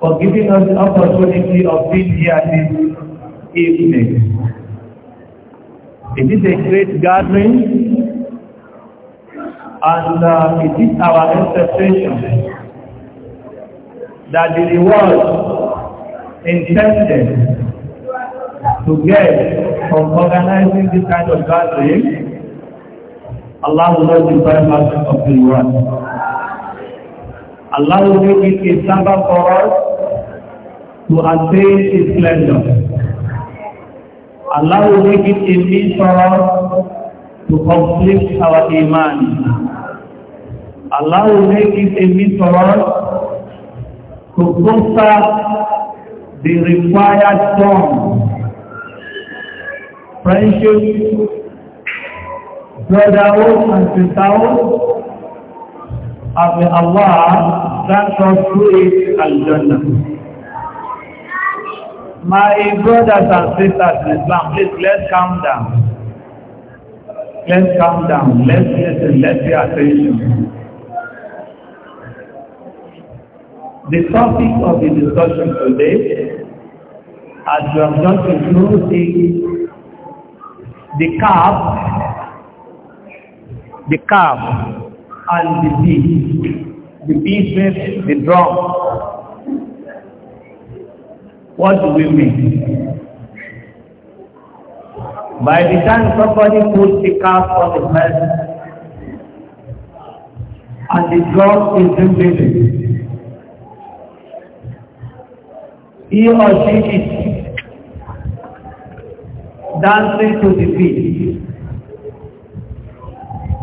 for giving us the opportunity of being here this evening. It is a great gathering and uh, it is our expectation that the reward intended to get from organizing this kind of gathering, Allah will not deprive us of the reward. Allah will make it example for us to attain His splendor. Allah will make it a means for us to complete our iman. Allah will make it a means for us to foster the required form, friendship, brotherhood and sisterhood of Allah that translates Al-Jannah. My brothers and sisters in Islam, please let's calm down. Let's calm down. Let's listen. Let's pay attention. The topic of the discussion today, as we have just included the, the calf, the calf and the beef the business, the drum. What do we mean? By the time somebody puts the cap on the head and the drum is moving, he or she is dancing to the beat.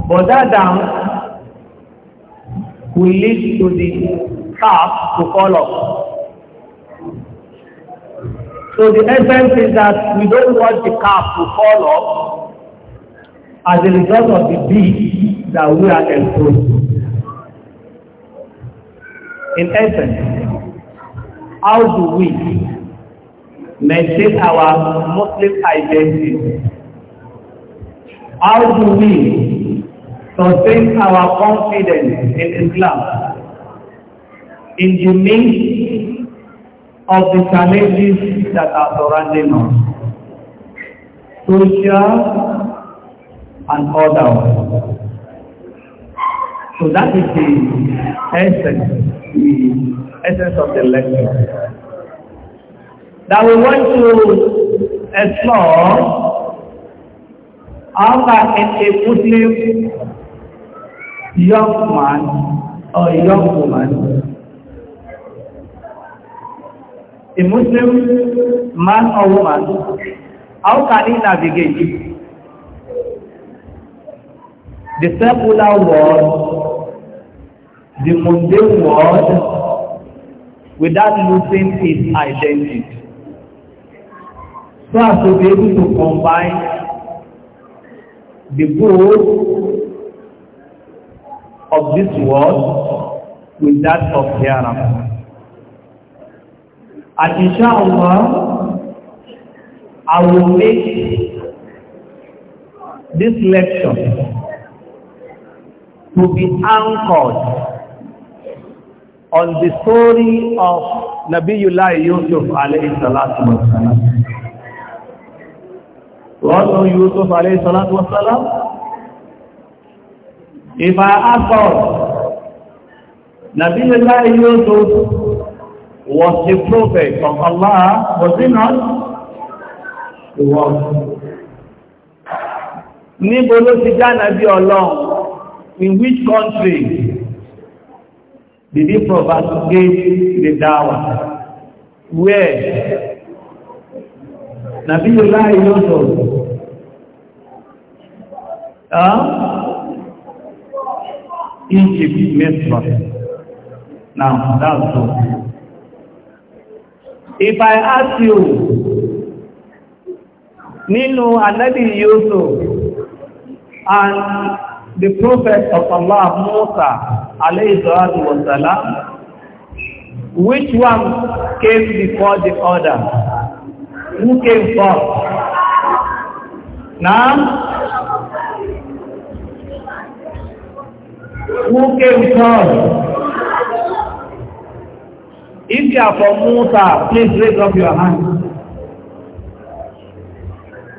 But that dance who lead to the calf to follow. So the essence is that we don't want the calf to fall off as a result of the deed that we are exposed to. In essence, how do we maintain our Muslim identity? How do we sustain our confidence in Islam in the midst of the challenges that are surrounding us, social and other. So that is the essence, the essence of the lecture. That we want to explore how that in a Muslim young man a oh, young woman, a Muslim man or woman, how can he navigate the secular world, the mundane world, without losing his identity? So as to be able to combine the good of this world with that of hereafter. And inshallah, I will make this lecture to be anchored on the story of Nabiullah Yusuf alayhi salatu wa salam. Do you know Yusuf alayhi salatu wa salam? ìfà akọ̀ nàbí láì yóò tó was the prophet of Allah was he not? he was níbo ló ti já nàbí ọlọ́run in which country did he propagate the dawa where nàbí láì yóò tó Egypt mistress. Now, that's all. If I ask you, Nino Anabi Yusuf and the Prophet of Allah, Musa, alayhi salatu wa salam, which one came before the other? Who came first? Now, who came first? If you are from Musa, please raise up your hand.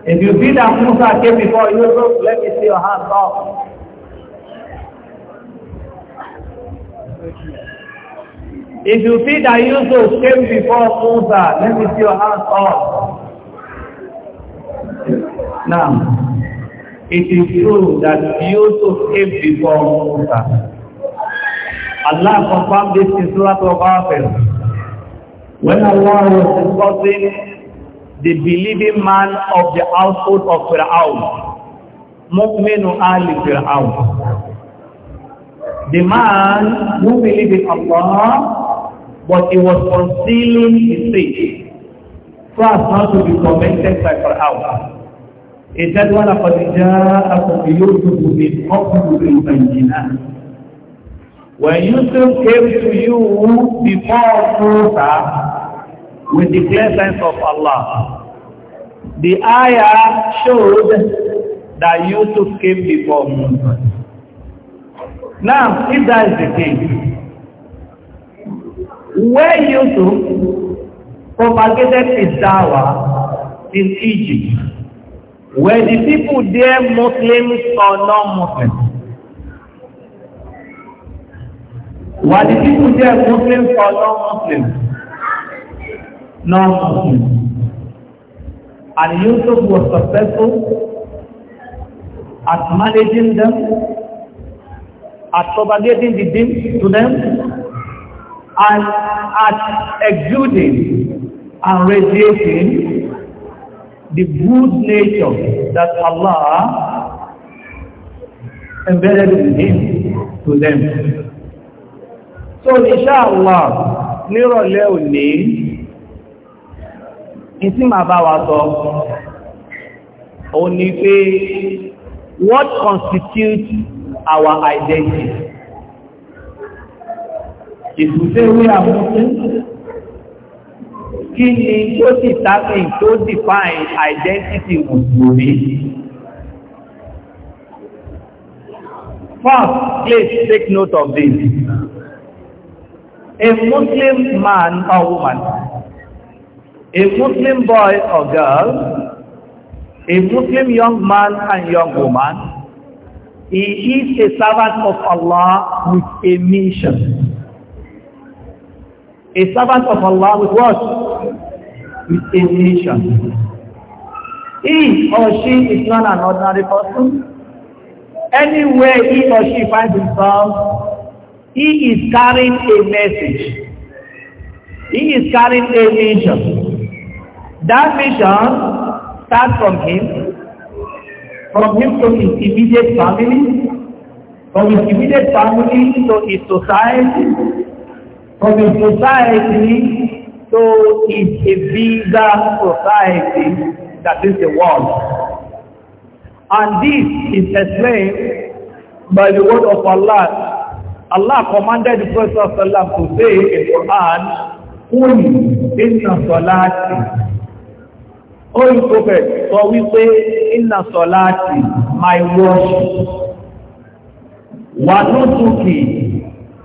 If you see that Musa came before you, look, let me see your hand off. If you see that Yusuf came before Musa, let me see your hand off. Now, it is true that Yusuf came before Musa. Allah confirmed this in Surah Al-Ghafir. When Allah was discussing the believing man of the household of Fir'aun, Mu'minu Ali Fir'aun. The man who believed in Allah, but he was concealing his faith, so as not to be tormented by Fir'aun ìjáde wà lápàdé já akọ̀kọ̀ yóò dùkù ní ọkùnrin ìbànjìnà wọ́n yóò tó came to you before ọ̀túnta with the clear sense of Allah. The ayah showed that Yusuf came before Musa. Now, if that is the case, where Yusuf propagated his dawa in Egypt, Were the people there Muslims or non-Muslims? Were the people there Muslims or non-Muslims? Non-Muslims. And Yusuf was successful at managing them, at propagating the deen to them, and at exuding and radiating the good nature that Allah embedded in him to them. So inshallah, nírọ̀lẹ́ òní, ìtí màá bá wa sọ, òun ni pé what constitutes our identity? If we say we are Muslims, kí ni tó sì tábí tó define identity mùsùlùmí. First, please take note of this. A Muslim man or woman, a Muslim boy or girl, a Muslim young man and young woman, He is a servant of Allah with a mission. A servant of Allah with what? within nation. He or she is not an ordinary person. Anywhere he or she finds himself, he is carrying a message. He is carrying a mission. That mission starts from him, from him to his immediate family, from his immediate family to his society, from his society So it's a bigger society that is the world. And this is explained by the word of Allah. Allah commanded the Prophet to say in Quran, Qul inna salati. O you prophet, so we say inna salati, my worship. Wa nusuki,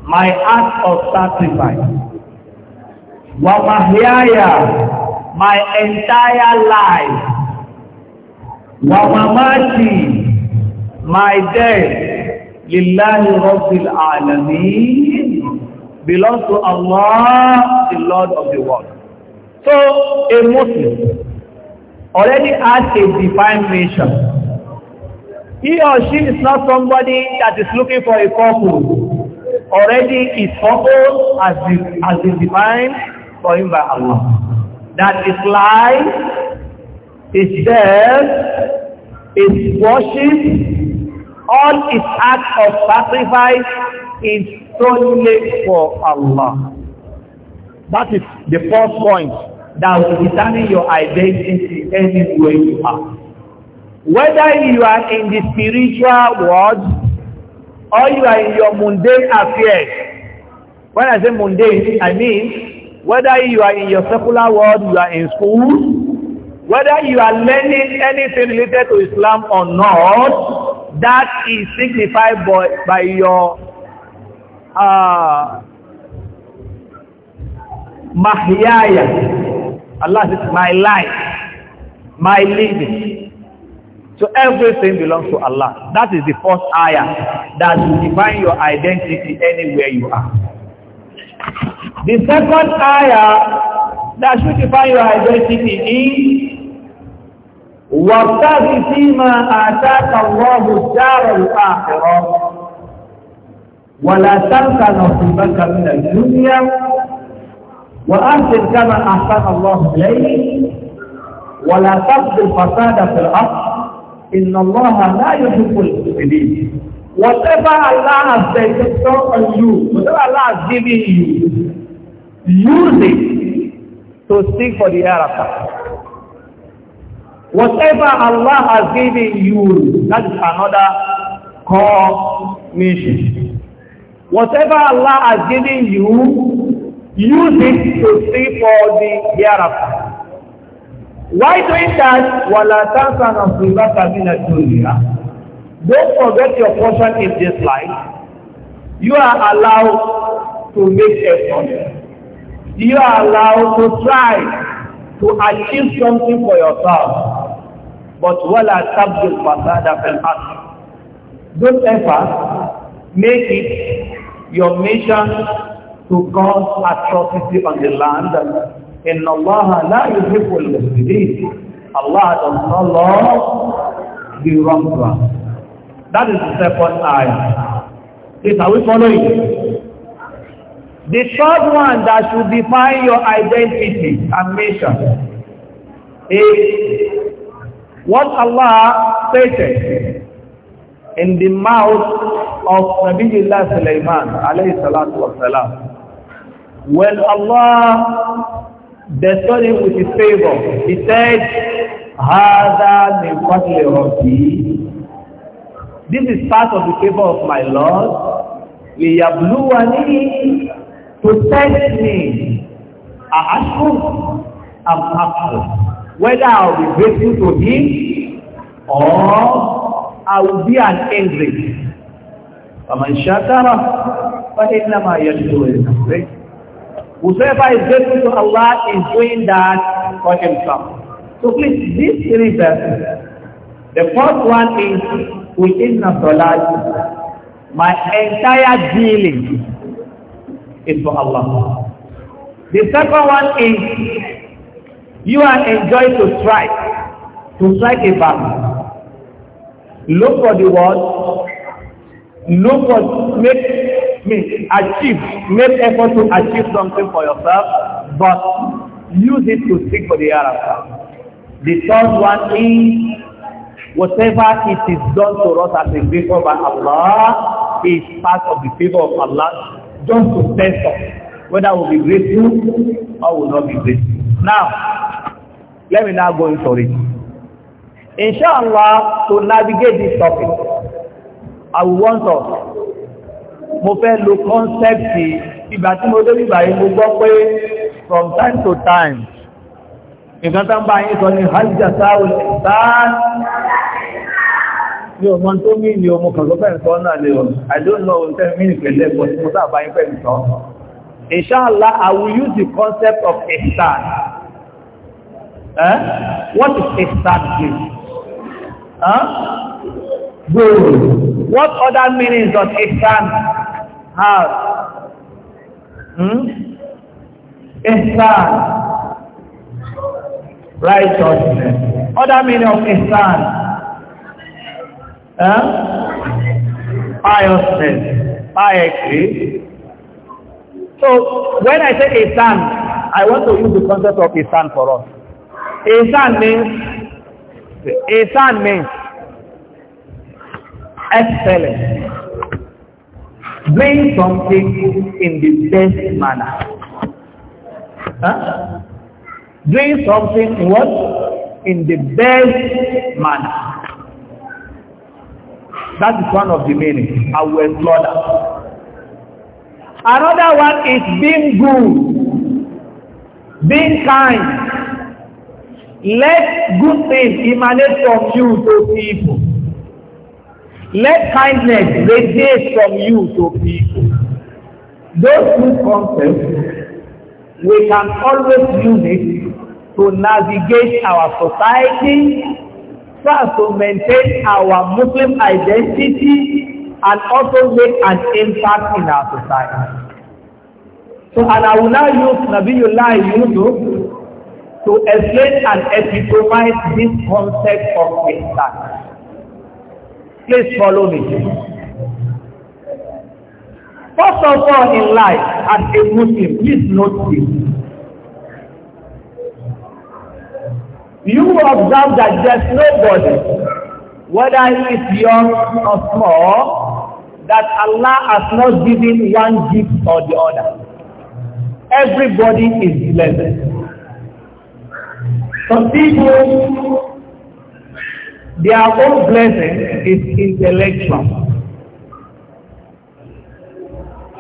my act of sacrifice wa mahyaya my entire life wa mamati my death lillahi rabbil alamin belongs to Allah the Lord of the world so a Muslim already has a divine mission he or she is not somebody that is looking for a purpose already his purpose has been, has been divine for him by Allah. That is life, is death, is worship, all its acts of sacrifice is solely for Allah. That is the first point that will determine your identity anywhere you are. Whether you are in the spiritual world or you are in your mundane affairs. When I say mundane, I mean whether you are in your secular world, you are in school, whether you are learning anything related to Islam or not, that is signified by, by your uh, mahyaya. Allah says, my life, my living. So everything belongs to Allah. That is the first ayah that will define your identity anywhere you are. The second ayah that should define your identity is فِي فِيمَا آتَاكَ اللَّهُ الدَّارَ الْآخِرَةَ وَلَا تَنْسَ نَصِيبَكَ مِنَ الدُّنْيَا وَأَحْسِنْ كَمَا أَحْسَنَ اللَّهُ إِلَيْهِ وَلَا تَبْغِ الْفَسَادَ فِي الْأَرْضِ إِنَّ اللَّهَ لَا يُحِبُّ الْمُفْسِدِينَ Whatever Allah has sent on you, whatever Allah has given you, use it to seek for the hereafter. Whatever Allah has given you, that is another core mission. Whatever Allah has given you, use it to seek for the hereafter. Why doing that? وَلَا تَنْسَ نَصِيبَكَ مِنَ الدُّنْيَا Don't forget your portion in this life. You are allowed to make effort. You are allowed to try to achieve something for yourself. But وَلَا تَبْدُ الْفَسَادَ فِي الْأَرْضِ Don't ever make it your mission to cause atrocity on the land. إِنَّ اللَّهَ لَا يُحِبُّ الْمُفْسِدِينَ Allah does not love the That is the second ayah. This are we following? The third one that should define your identity and mission is what Allah stated in the mouth of Nabiullah Sulaiman alayhi salatu wasalam. When Allah bestowed him with his favor, he said, هَذَا مِنْ فَضْلِ رَبِّي This is part of the favor of my Lord. Liyabluwani to test me. a Ashkur, I'm happy. Whether I'll be grateful to him or I will be an angry. فَمَنْ شَكَرَ فَإِنَّمَا يَشْكُرُ لِنَفْسِهِ Whosoever is grateful to Allah is doing that for himself. So please, these three verses. The first one is within Salat, my entire dealing is for Allah. The second one is you are enjoying to strike, to strike a balance. Look for the word, look for, make, make, achieve, make effort to achieve something for yourself, but use it to seek for the hereafter. The third one is Whatever it is done to us as a favor by Allah is part of the favor of Allah just to test us whether we'll be grateful or will not be grateful. Now, let me now go into it. Inshallah, to navigate this topic, I will want us. Mo fẹ́ lo concept ìgbà tí mo dé bíbà yìí mo gbọ́ pé from time to time nǹkan tó ń bá yín sọ ní hajjá sáwùl ẹ̀sán ní ọmọ tó mí ní ọmọ kan tó fẹ́ sọ náà lè rọ̀ I don't know ohun tẹ́ mí ní pẹ̀lẹ́ pọ̀ tí mo sábà yín fẹ́ sọ Inshallah, I will use the concept of ihsan. Eh? What is ihsan mean? Huh? What other meanings does ihsan have? Hmm? Ihsan righteousness, other meaning of Islam, eh? piousness, piety. So when I say Islam, I want to use the concept of Islam for us. Islam means, Islam means excellence. Bring something in the best manner. Huh? Doing something what? In the best manner. That is one of the meaning. I will explore that. Another one is being good. Being kind. Let good things emanate from you to people. Let kindness radiate from you to people. Those two concepts, we can always use it to navigate our society, so as to maintain our Muslim identity and also make an impact in our society. So, and I will now use Nabiullah Yusuf to explain and epitomize this concept of impact. Please follow me. First of all in life, as a Muslim, please note this. You observe that there's nobody, whether he is young or small, that Allah has not given one gift or the other. Everybody is blessed. Some people, their own blessing is intellectual.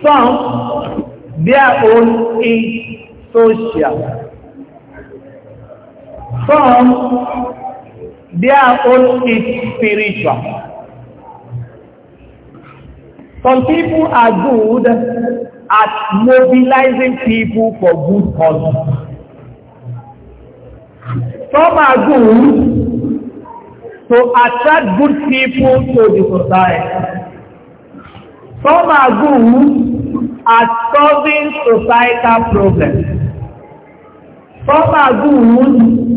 Some, their own is social. Some, their own is spiritual. Some people are good at mobilizing people for good causes. Some are good to attract good people to the society. Some are good at solving societal problems. Some are good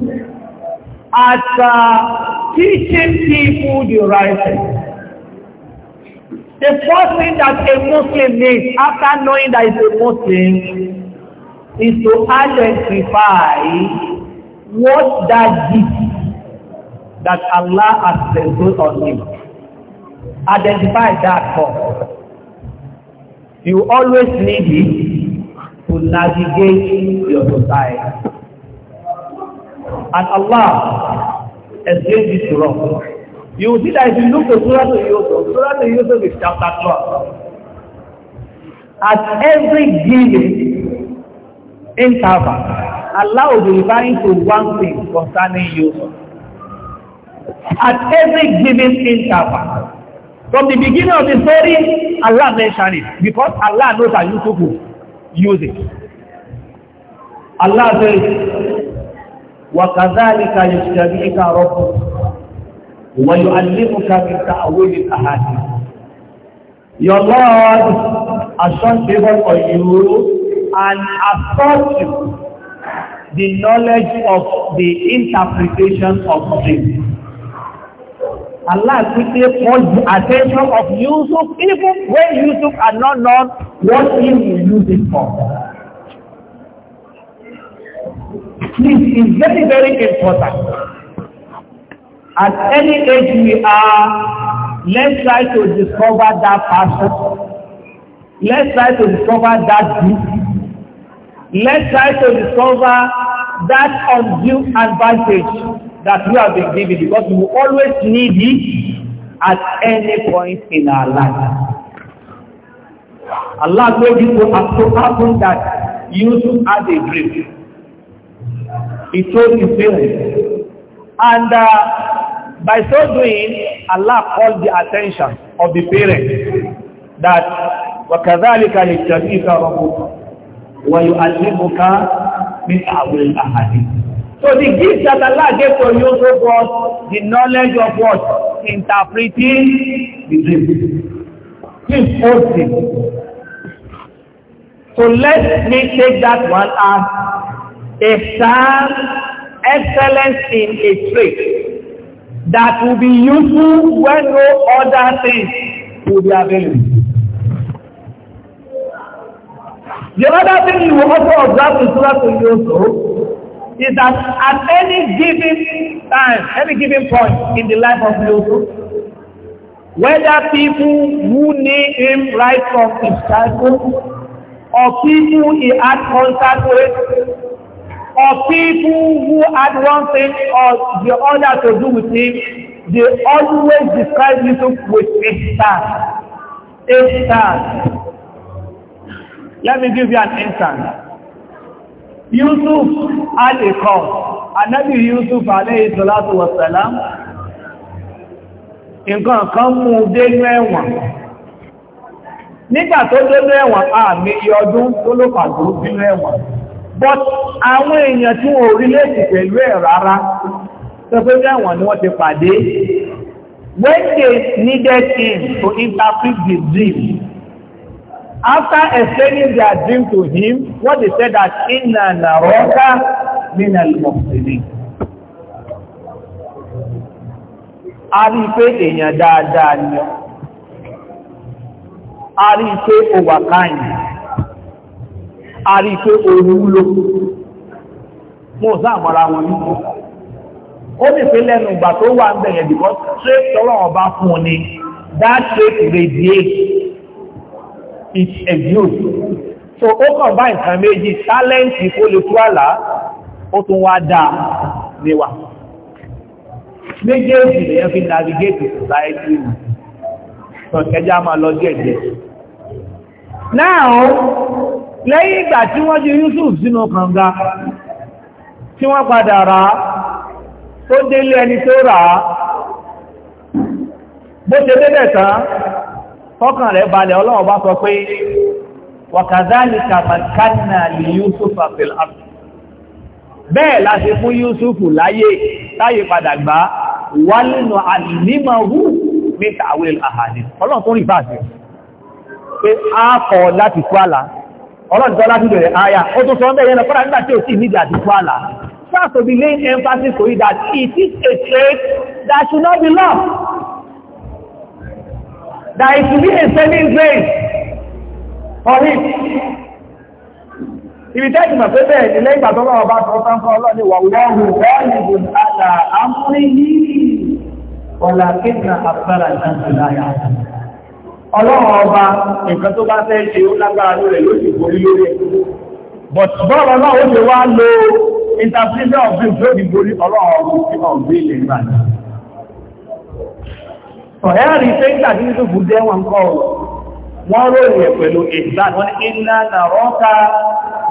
at uh, teaching people the right thing. The first thing that a Muslim needs after knowing that he's a Muslim is to identify what that gift that Allah has bestowed on him. Identify that first. You always need it to navigate your society and Allah explains this to us. You see that if you look at Surah to Yusuf, Surah to Yusuf is chapter 12. At every given interval, Allah will be referring to one thing concerning Yusuf. At every given interval, from the beginning of the story, Allah mentioned it because Allah knows how Yusuf will use it. Allah says, وكذلك يجتبيك ربك ويعلمك من تأويل الأحاديث Your Lord has shown favor on you and assured you the knowledge of the interpretation of things. Allah quickly called the attention of Yusuf even when Yusuf had not known what he will use for. This is very, very important. At any age we are, let's try to discover that passion. Let's try to discover that beauty. Let's try to discover that undue advantage that we have been given because we always need it at any point in our life. Allah told you to happen that you have a dream. It told his parents. And uh, by so doing, Allah called the attention of the parents that وَكَذَلِكَ لِتَّبِيكَ رَبُّكَ وَيُعَلِّمُكَ مِنْ أَوْلِ الْأَحَدِيثِ So the gift that Allah gave to Yusuf was the knowledge of what? Interpreting the dream. This whole thing. So let me take that one as Ihsan, excellence in a trade that will be useful when no other things will be available. The other thing you will also observe in Surah to Yusuf is that at any given time, any given point in the life of Yusuf, whether people who need him right from his childhood or people he had contact with or people who had one thing or the other to do with him, they always describe Yusuf with a star. A star. Let me give you an instance. Yusuf had a cause. Anabi Yusuf alayhi salatu wasalam. Nǹkan kan mú dénú ẹ̀wọ̀n. Nígbà tó dénú ẹ̀wọ̀n, àmì ọdún tó ló pàdó dénú ẹ̀wọ̀n but àwọn èèyàn tí wọ́n orí léèkì pẹ̀lú ẹ̀ rárá sọ pé mẹ́wọ̀n ni wọ́n ti pàdé when they needed him to interpret the dream after explaining their dream to him what they said that inna naraka min al-muhsinin a rí pé èèyàn dáadáa ni a rí pé overkind a rí pé oòrùn wúlò mọ́ sáàmọ́ra wọn ní ó ní pé lẹ́nu ìgbà tó wà ń bẹ̀rẹ̀ dìbọ́ straight tọ́lọ̀ ọba fún un ni that straight radiate it exudes so ó kàn bá nǹkan méjì tálẹ́ǹtì kó lè tú àlá ó tún wá dáa níwà méjèèjì lèyàn fi navigate society so ẹjá máa lọ díẹ̀díẹ̀ now lẹ́yìn ìgbà tí wọ́n ju Yusuf sínú kànga tí wọ́n padà rà á tó délé ẹni tó rà á bó ṣe débẹ̀ tán fọ́kàn rẹ̀ balẹ̀ ọlọ́run bá sọ pé wàkàzálìkà màkánà lè Yusuf àfẹ́l bẹ́ẹ̀ la ṣe fún Yusuf láyé láyé padà gbá wálínà ànímọ̀hú ní tàwíl àhàdì ọlọ́run tó rí bá ṣe pé a kọ̀ láti kú àlàá ọlọ́dìtọ́ láti bẹ̀rẹ̀ aya ó tún sọ bẹ́ẹ̀ yẹn lọ fọ́nà nígbà tí ó sì ní ìdàdìkú àlà first to be laying emphasis on it that it is a trade that should not be lost that it should be a saving grace for him ibi tẹ́jì mọ̀ pé bẹ́ẹ̀ ni lẹ́yìn ìgbàtọ́ lọ́wọ́ bá sọ sáńkọ́ ọlọ́ni wà wọ́n rẹ̀lẹ́gùn àlà àmúrí yìí ọ̀làkínà àfẹ́ràn náà ọlọ́run ọba nǹkan tó bá fẹ́ ṣe ó lágbára lórí yóò sì borí lórí but bọ́ọ̀lù náà ó ti wá lo interpretation of the tó di borí ọlọ́run ọba tí wọ́n gbé ilẹ̀ ìgbà ní. ọ̀rẹ́ rí pé ń tàbí tó bù jẹ́ wọn kọ́ wọ́n ròyìn ẹ̀ pẹ̀lú ìgbà wọn ní iná na rọ́ọ̀ká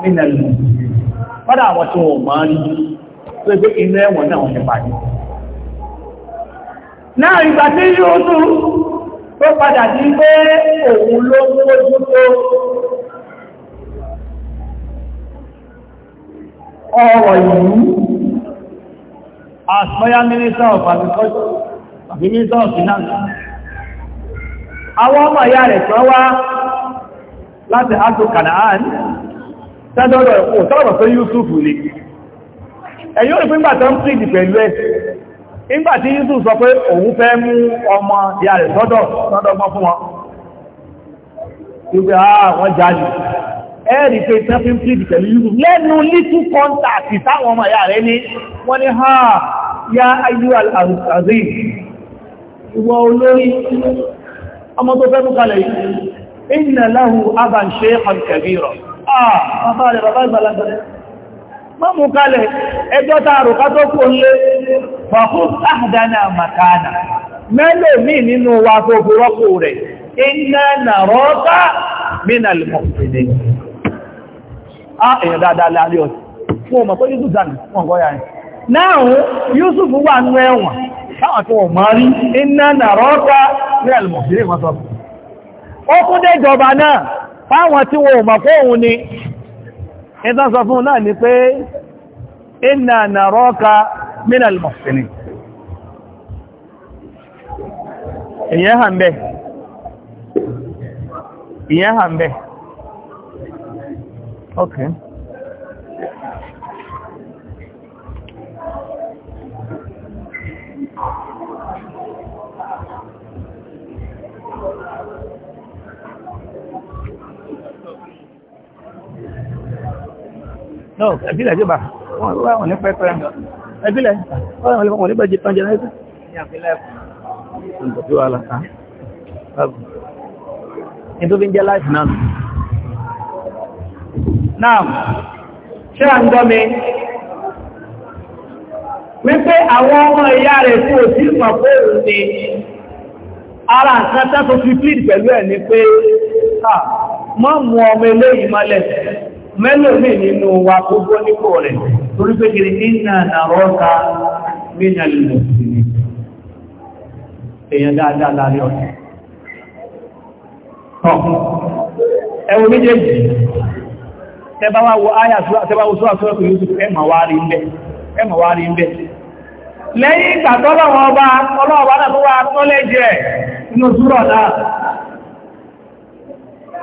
nínú ẹ̀lú fọ́dà àwọn tí wọ́n máa rí tó gbé iná ẹ̀wọ̀n náà wọ́n ti pàdé. náà ìgbà tí yóò tún tó padà ní pé òun ló ń mójú tó ọ̀rọ̀ as fire minister of agriculture minister àwọn ọmọ ìyá rẹ̀ tán wá láti aṣò kanaan tẹ́dọ̀rọ̀ òtọ́rọ̀ pé Yúsúfù lè ẹ̀yọ́ ìpínpàtàn ìgbà tí Yusuf sọ pé òun fẹ́ mú ọmọ ìyá rẹ̀ sọ́dọ̀ sọ́dọ̀gbọ́n fún wọn ìgbà àwọn ah, jáde ẹ̀rì pé tẹ́fín pìdì pẹ̀lú Yusuf lẹ́nu lítú kọ́ntàkì táwọn ọmọ ìyá rẹ̀ ní wọ́n ní ha ya ayú al-azim ìwọ olórí mọ́mù kalẹ̀ ẹjọ́ ta àrùká tó kú ń lé fọ̀kún àdánà màkánà mẹ́lẹ̀ mí nínú wa tó fi rẹ̀ iná nà rọ́ọ́ká mínà lèmọ̀sílẹ̀ èèyàn dáadáa náà Yusuf wà ìtàn sọ fún náà ni pé inna naraka minal muhsinin ìyẹn hàn bẹ́ ìyẹn hàn bẹ́ okay no ẹ̀bílẹ̀ jọba wọ́n ní pẹ́pẹ́ ẹ̀bílẹ̀ wọ́n ní pẹ́jẹ tán jẹ náà ní tó fi ń jẹ́ láìsì náà náà ṣe à ń gbọ́ mi wípé àwọn ọmọ ìyá rẹ̀ tí ò sí ìpàpọ̀ òun ni ara nǹkan tán tó fi plead pẹ̀lú ẹ̀ ni pé mọ́ mú ọmọ eléyìí mọ́lẹ̀ mẹ́lòmí nínú wa gbogbo nípò rẹ̀ torí pé kiri iná àrọ́ta mínà lè sí ni èyàn dáadáa láàrin ọ̀tọ̀ ẹwọ méjèèjì tẹbáwọ́ ayà tẹbáwọ́ sọ́wọ́ sọ́wọ́ pẹ̀lú ẹmà wá rí ń lẹ́yìn ìgbà tọ́lọ́wọ́ ọba ọlọ́ọ̀bá náà tó wá tọ́lẹ́jẹ̀ inú súrọ̀ náà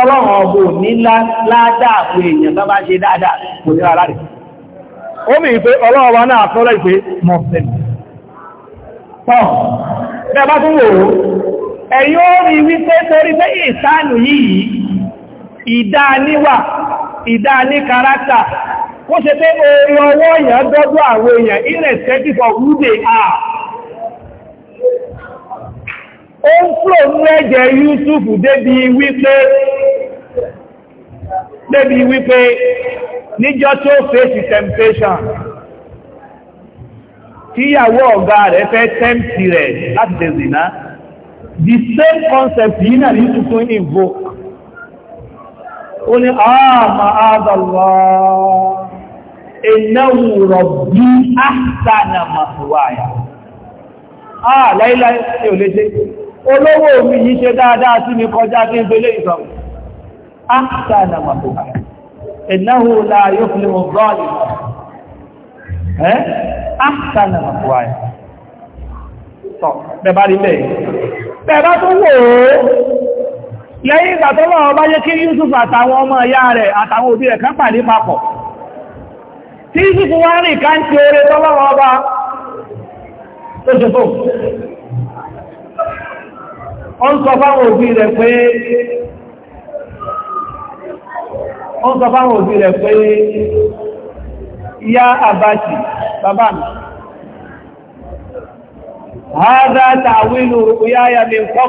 ọlọ́run ọbọ̀ ní ládàá àwọn èèyàn tó bá ṣe dáadáa kò ní ara rẹ̀ ó mì pé ọlọ́run wa náà sọ́rọ̀ ìpé mọ̀sẹ̀lì tọ́ bẹ́ẹ̀ bá tún wò ó rí wípé torí pé ìsánù yìí ìdáníwà ìdání karáta kó ṣe pé ó ń fúrò Yúsùfù débi wípé níjọ́ tó fèsì temptation tíyàwó ọ̀gá rẹ̀ fẹ́ tẹ́mpì rẹ̀ láti tẹ̀sìná the same concept yìí náà ní tuntun ní invoke ó ní àmà àdàlá ẹ̀nàwò rọ̀bí àtànà màtíwáyà àà láíláí tí ò lé ṣe olówó mi yìí ṣe dáadáa sí mi kọjá kí n fẹ́lé ìsọ̀rọ̀ أحسن na إنه لا يفلح الظالم أحسن مثوبة tọ̀ bẹ̀bá rí bẹ́ẹ̀ bẹ̀bá tó wò ó lẹ́yìn ọba yẹ Yusuf àtàwọn ọmọ ìyá rẹ̀ àtàwọn òbí rẹ̀ ọba pàdé ọba tó ṣe ó ń sọ fáwọn òbí rẹ̀ pé yá àbájì bàbá mi hádá tàwílù òyáyà mi kọ́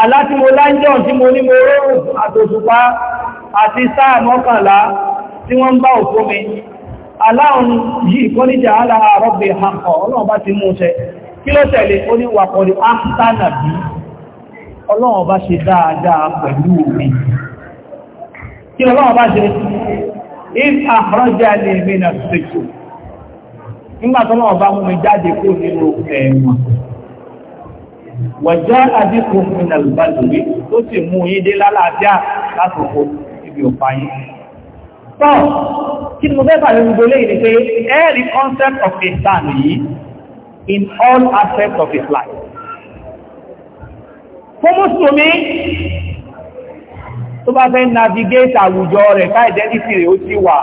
aláti mo láńjọ́ tí mo ní mo rọrùn àtòṣùpá àti sáà mọ́kànlá tí wọ́n ń bá òkú mi aláhùn yìí kọ́ níjà aláha rọ́bì hankọ̀ ọlọ́run bá ti mú ṣẹ kí ló tẹ̀lé ó ní wàkọ̀dì áńtánàbí ọlọ́run bá ṣe dáadáa pẹ̀lú mi kí ọlọ́wọ́ bá ṣe if àrọ́jà lè mi nà ṣètò nígbàtọ́lọ́wọ́ bá mú mi jáde kó nínú ẹ̀wọ̀n wọ̀já àdínkù nínú àlùbájúwé tó sì mú yí dé lálàájá látòkò ibi òpá tọ́ kí ni mo bàrẹ̀ gbogbo lè ní pé every concept of Islam yìí in all aspects of his life. Fọ́mọ́sùn mi tó bá fẹ́ navigate àwùjọ rẹ̀ ká ìdẹ́lìsì rẹ̀ ó ti wà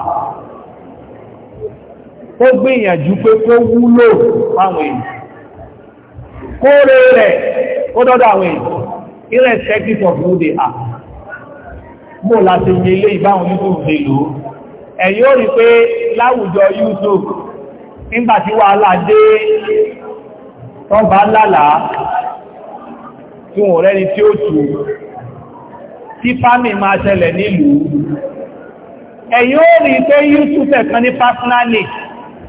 kó gbìyànjú pé kó wúlò fáwọn èèyàn kó rẹ̀ rẹ̀ ó dọ́dọ̀ àwọn èèyàn irrespective of who they are mọ́ láti yẹ ilé ìbáwọn youtube lè lò ẹ̀yìn ó rí pé láwùjọ youtube nígbàtí wàhálà dé tọ́bà lálàá tí wọ́n rẹ́ni tí ó tù tí fámì máa ṣẹlẹ̀ nílùú ẹ̀yìn ó rí pé Yusuf ẹ̀kan ní pásínálì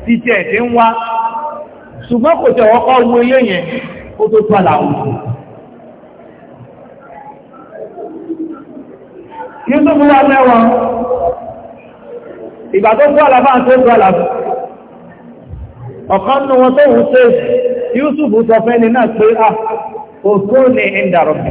ti tẹ̀ tí ń wá ṣùgbọ́n kò tẹ̀wọ́ kọ́ wo ilé yẹn ó tó tó àlàwọ̀ Yusuf wá mẹ́wọ̀n ìgbà tó tó àlàbá tó ọ̀kan nù wọn tó wù sí Yusuf sọ fẹ́ni náà pé à ah, òkú ní ìdàrọ̀bì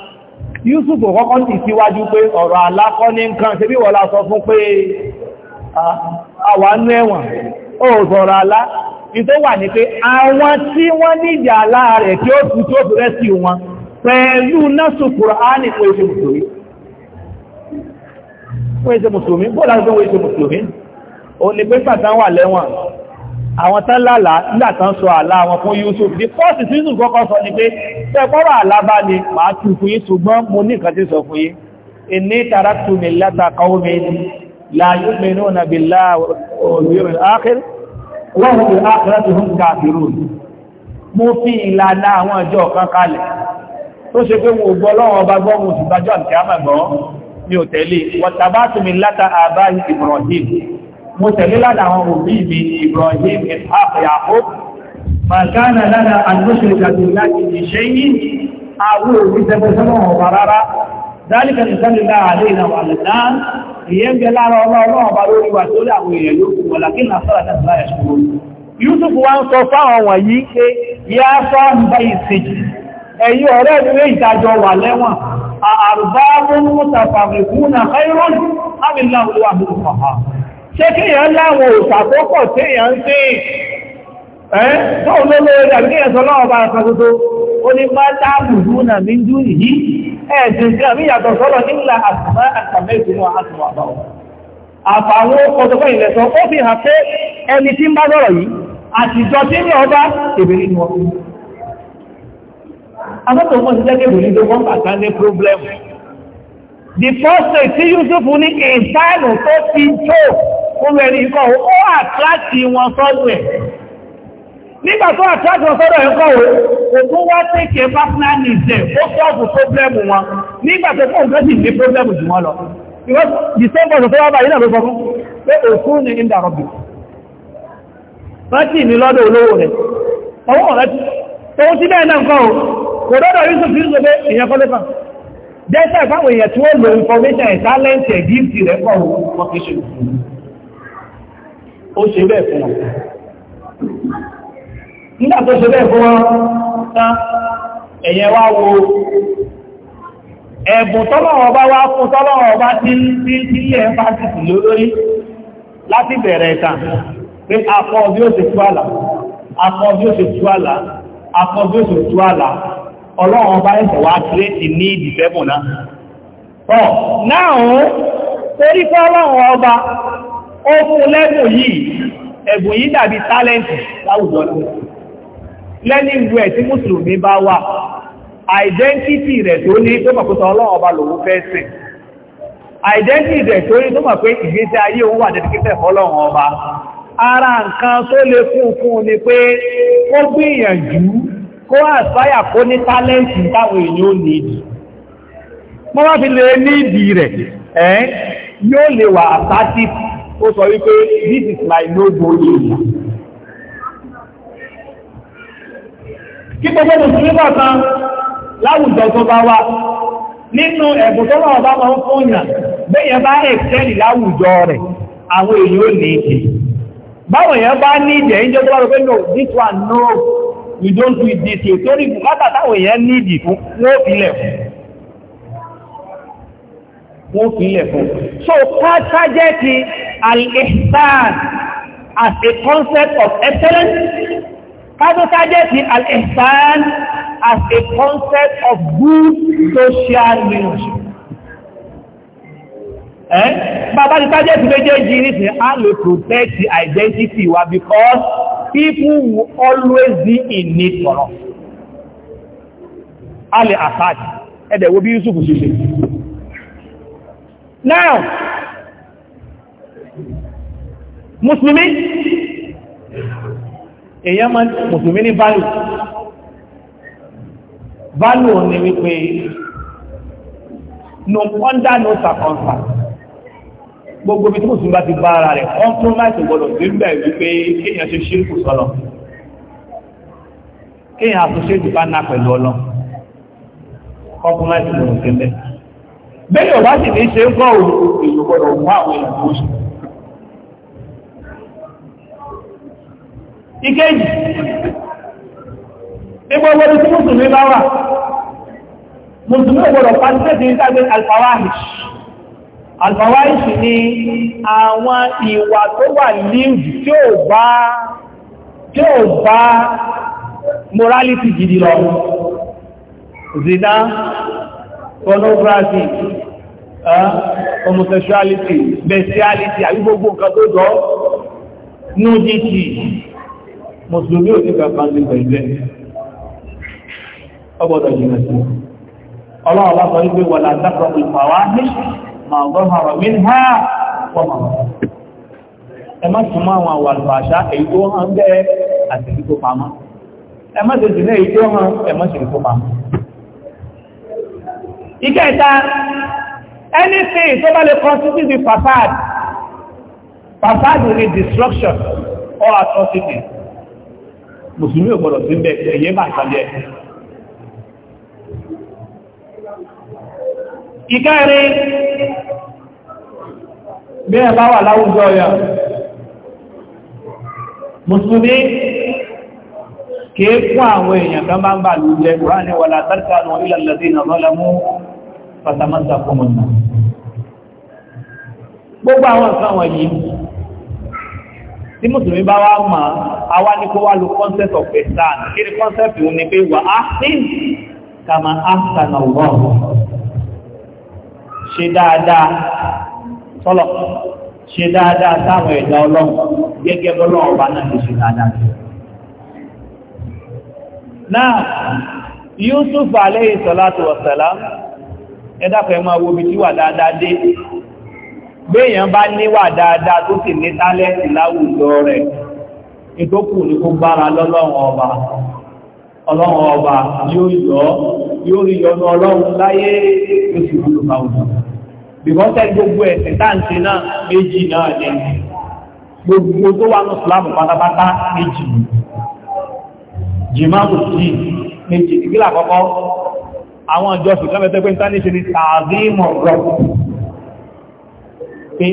Yusuf kọ́kọ́ ti síwájú pé ọ̀rọ̀ alákọ́ ní nǹkan ṣe bí wọ́n la sọ fún pé àwọn ẹ̀wọ̀n ó sọ̀rọ̀ alá ní tó wà ní pé àwọn tí wọ́n níjà alá rẹ̀ tí ó kú tí ó fi rẹ́sì wọn pẹ̀lú násù Kùránì kò ṣe mùsùlùmí wọ́n ṣe mùsùlùmí bó láti wọ́n ṣe mùsùlùmí ó ní pé pàtàkì wà àwọn tán lálàá nígbàtán sọ àlá wọn fún Yusuf the first reason kọ́kọ́ sọ ni pé tẹ́kọ́rọ̀ àlábá ni màá tún fún yín ṣùgbọ́n mo ní nǹkan tí sọ fún yín inni taraktu millata qawmin la yu'minuna billahi wal yawmil akhir wa hum bil akhirati hum kafirun mo fi ìlànà àwọn ọjọ́ kan kalẹ̀ tó ṣe pé mo gbọ́ lọ́wọ́ bá gbọ́ mo sì gbájọ́ àti àmàgbọ́ mi ò tẹ̀lé wa tabatu millata abahi Ibrahim mo tẹ̀lé ládà àwọn òbí mi Ibrahim ishaq Yaqub màkánà ládà àdúróṣèlú kàtó láti ìṣe yìí àwọn òbí tẹ́gbẹ́ sọ́nà ọ̀pá rárá dálíkà ní sọ́nà ìlà àlẹ́ ìlà wà lẹ́nà ìyẹn bẹ lára ọlọ́run ọba lórí wa tó lé àwọn èèyàn lókùn wọ̀lá kí nà sọ́rọ̀ tẹ́sí láyẹ̀ ṣùgbọ́n Yusuf wa ẹ̀yí ọ̀rẹ́ ìwé ìdájọ́ wà lẹ́wọ̀n àrùbá mú mú tàfàfẹ́kú na kẹ́rọ́n ṣé kéèyàn láwọn òṣàkókọ̀ téèyàn ń sìn ẹ́ tóun ló lóore rẹ̀ kéèyàn sọ lọ́wọ́ bá kan tó tó ó ní má dáàbùdú nà mí dú yìí ẹ̀ sì sí àmì ìyàtọ̀ sọ́lọ̀ nílà àtàmẹ́ àtàmẹ́ ìgbìmọ̀ àtàmọ̀ àbáwọ̀ àfàwọn ọ̀tọ̀kọ̀ ilẹ̀ sọ ó fi hàn pé ẹni tí ń bá lọ́rọ̀ yìí àtijọ́ tí ń lọ bá èbèrè ni wọ́n Àwọn ọmọ ti jẹ́gẹ́ ìròyìn tó wọ́n pàtàkì ní problem. The first thing tí Yusuf ní ìsáàlù tó ti orí ẹni ikọ̀ ó àtráàtì wọn sọ́dọ̀ ẹ̀ nígbà tó àtráàtì wọn sọ́dọ̀ ẹ̀kọ́ o tó wá tẹ́kẹ̀ẹ́ partner jẹ́ ó sọ́ọ̀fù pọ́blẹ́mù wọn nígbà tó fún ọ̀gá sì ní pọ́blẹ́mù jù wọn lọ December tó wá báyìí náà ló sọ fún pé òkú ni ń dàrọ̀ bì rántí ní lọ́dọ̀ olówó rẹ̀ ọwọ́ ọ̀rẹ́ tọwọ́ jẹ́sẹ̀ fáwọn èèyàn tí ó lo information ẹ̀ talent rẹ̀ kọ́ o mọ́kíṣẹ́ ó ṣe bẹ́ẹ̀ fún wọn nígbà tó ṣe bẹ́ẹ̀ fún wọn tán ẹ̀yẹn wá wo ẹ̀bùn tọ́lọ́wọ́ bá wá fún tọ́lọ́wọ́ bá tí tí tí ẹ̀ ń fásitì lórí láti bẹ̀rẹ̀ ìtàn pé akọ bí ó ṣe tú àlà akọ bí ó ṣe tú àlà akọ bí ó ṣe tú àlà ọlọ́wọ́ bá ẹ̀sẹ̀ wá kílé ti ní ìdìfẹ́bùn náà. ọ̀ náà torí fọ́lọ́wọ́ ọba ó fún lẹ́bùn yìí ẹ̀bùn yìí dàbí tálẹ́ǹtì ẹ̀ tí mùsùlùmí bá wà àìdẹ́ntìtì rẹ̀ tó ní tó mọ̀ ọlọ́run ọba lòun fẹ́ sìn àìdẹ́ntìtì rẹ̀ tó ní tó mọ̀ pé ayé ọlọ́run ọba ara nǹkan tó lè fún fún ni pé gbìyànjú ní táwọn èèyàn ò ó sọ wípé this is my no-go area. kí gbogbo mùsùlùmí kọ̀ọ̀kan láwùjọ tó bá wà nínú ẹ̀bùn tó náà bá máa ń fún yàn bẹ́yẹn bá ẹ̀kẹ́lì láwùjọ rẹ̀ àwọn èèyàn ò ní ìdè báwọn èèyàn bá ní ìdè ẹ̀yìn no this one no we don't do this torí bùkátà táwọn èèyàn ní ìdì fún wọ́n fi wọ́n fi ilẹ̀ fún. So kájẹ́kì al-ihsan as a concept of excellence, kájọ́ kájẹ́kì al-ihsan as a concept of good social leadership. Eh? Bàbá ti kájẹ́kì méjèèjì nísìn, a lè protect the identity wa because people will always be in need for us. A lè àfáàdì, ẹ̀dẹ̀ wo bí Yusuf ṣe ṣe náà mùsùlùmí èyàn máa Muslimi ní value value ni wípé no under no circumstance gbogbo bí tí mùsùlùmí bá ti bá ara rẹ̀ compromise gbọdọ̀ sí ń bẹ̀ wípé kéèyàn ṣe ṣírkù sọ́lọ̀ kéèyàn àtúnṣe ìdìbá náà pẹ̀lú ọlọ́ compromise gbọdọ̀ sí ń bẹ̀ bẹ́ẹ̀ ọ̀bá sì ní ṣe ń kọ́ òun èyí gbọ́dọ̀ mú àwọn èèyàn tó ṣe ìkéjì nígbà ọgbọ́dún tí mùsùlùmí bá wà mùsùlùmí gbọ́dọ̀ pàtíkẹ́tì ní sáàgbé alfawahish alfawahish ni àwọn ìwà tó wà líùdì tí ó bá tí ó bá morality gidi lọ zina pornography homosexuality bestiality àbí gbogbo nǹkan tó jọ nudity mùsùlùmí ò ní kankan sí pẹ̀lú ẹ̀ jìnà sí ọlọ́run bá sọ wípé wà látàkọ̀ ní ha ẹ má àwọn àwọn èyí tó hàn pamọ́ ẹ má anything tó bá lè constitute the facade facade will be destruction or atrocity mùsùlùmí ò gbọdọ̀ sí bẹ́ẹ̀ ẹ̀yẹ́ bá ìtàjẹ́ ìkẹrin bí ẹ bá wà láwùjọ ọ̀yà mùsùlùmí kìí fún àwọn èèyàn kan bá ń bà lóúnjẹ kùránì wà látàkà àwọn ilẹ̀ lẹ́dí ìnàmọ́lẹ́mú fatamata kọmọnà gbogbo àwọn nǹkan wọ̀nyí tí mùsùlùmí bá wá mọ̀ àwa ní kó wá lo concept of ihsan kí ni concept òun ni pé wà á sí kàmà ahsana Allah ṣe dáadáa sọ́lọ̀ ṣe dáadáa sáwọn ẹ̀dá ọlọ́run gẹ́gẹ́ bọ́lọ́ ọba náà ti ṣe dáadáa náà Yusuf alayhi salatu wa salam ẹ̀dàpọ̀ ẹ̀mọ́ owó obi tí wà dáadáa dé béèyàn bá níwà dáadáa tó sì ní tálẹ́ǹtì láwùjọ rẹ̀ ìtókù ní kó bára lọ́lọ́run ọba ọlọ́run ọba yóò yọ ọlọ́run láyé oṣù sì wúlò fáwọn gbogbo ẹ̀sìn táǹtì náà méjì náà gbogbo tó wà ní pátápátá méjì jìmáàmù àwọn ìjọsìn lọ́mẹ́tẹ́ pé ìta ní ṣe ni tààzímọ̀ rọ̀ pé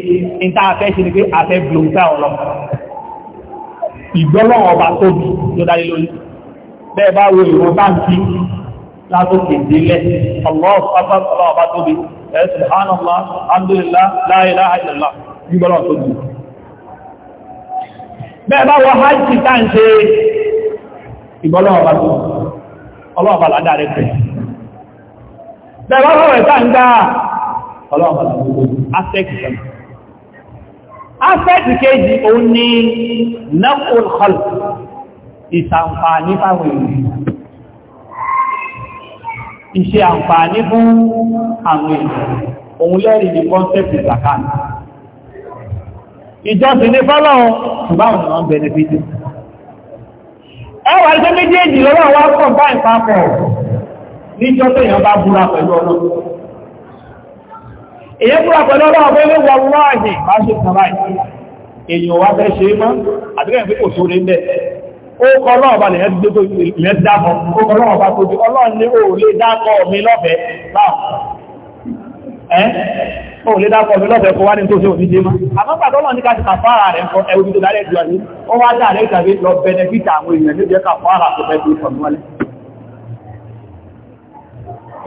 ìta àfẹ́ ṣe ni pé àfẹ́ blóńtà ọ̀lọ́ ìgbọ́lọ̀ ọba tóbi tó dá lórí bẹ́ẹ̀ bá wo ìwọ̀n bá ń kí látòkè délẹ̀ ọlọ́ọ̀pá alhamdulillah la ilaha illallah ìgbọ́lọ̀ tóbi bẹ́ẹ̀ bá wọ hajj tá ń ṣe rẹ̀ pẹ̀lú bẹ̀rọ ọ̀rọ̀ ẹ̀ta ń dá ọlọ́ọ̀bàlá gbogbo aspect kan aspect kejì òun ni nakul khalq ìsànfàní fáwọn èèyàn ìṣe àǹfààní fún àwọn èèyàn òun lẹ́rìí ní concept ìsàkánì ìjọsìn ní fọ́lọ́run ṣùgbọ́n àwọn èèyàn benefit ẹwà ìṣẹ́ méjèèjì lọ́wọ́ wá kọ̀ báyìí papọ̀ níjọ́ tó èèyàn bá búra pẹ̀lú ọlọ́run èèyàn búra pẹ̀lú ọlọ́run pé wọ́n wọ́n láàyè bá ṣe kàrá èèyàn wá fẹ́ ṣe mọ́ àdúgbà ìpé kò sóre ń bẹ̀ ó kọ ọlọ́ọ̀bá lẹ́yìn tó tó ilẹ̀ dákọ̀ ó kọ ọlọ́ọ̀bá tó tó ọlọ́run ní ó lè dákọ̀ mi lọ́fẹ̀ẹ́ láàrùn ẹ́ ó lè dákọ̀ mi lọ́fẹ̀ẹ́ kó wá ní tó ṣe òdíje mọ́ àmọ́pàdọ́lọ́ ní káṣí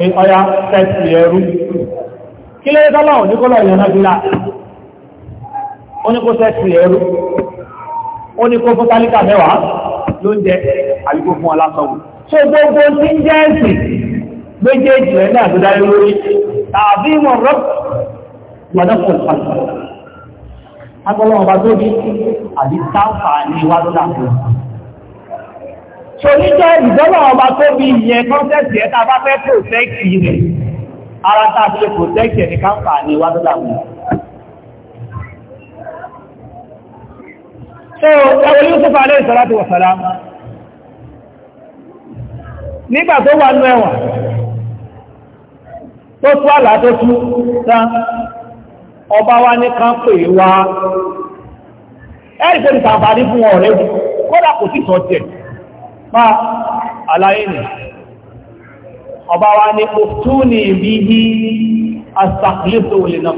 pé ọya tẹ́sì ẹrú kí lè tọ́lọ̀ oníkọ́lọ̀ ìyànàbílá oníkó tẹ́sì ẹrú oníkó fún tálíkà mẹ́wàá ló ń jẹ àríkó fún alásọ̀wò tó gbogbo tí ń jẹ́ ẹ̀sì méjèèjì rẹ̀ náà tó dáyé lórí tàbí wọn rọ́ gbọ́dọ̀kùn pàtàkì agbọ́lọ́wọ́ bá tóbi àbí táǹfà ní wá lọ́dà fún torí jẹ́ ìgbọ́lọ̀ ọba tó bí ìyẹn kọ́nsẹ́sì ẹ̀ta bá fẹ́ pòtẹ́kì rẹ̀ ara tá a fi lè pòtẹ́kì ẹ̀ ní káńfà ní wá lọ́la mú. so ẹwọ Yusuf alayhi salatu wa salam nígbà tó wà nú ẹ̀wọ̀n tó tú àlá tó tú tán ọba wa ní kan pè wá ẹ̀rì pé nìkan àbárí fún ọ̀rẹ́ kódà kò sí sọ tiẹ̀ pa àlàyé nì ọba wa ní òtú ní ibi ní asàkìlẹ́sọ̀ olè náà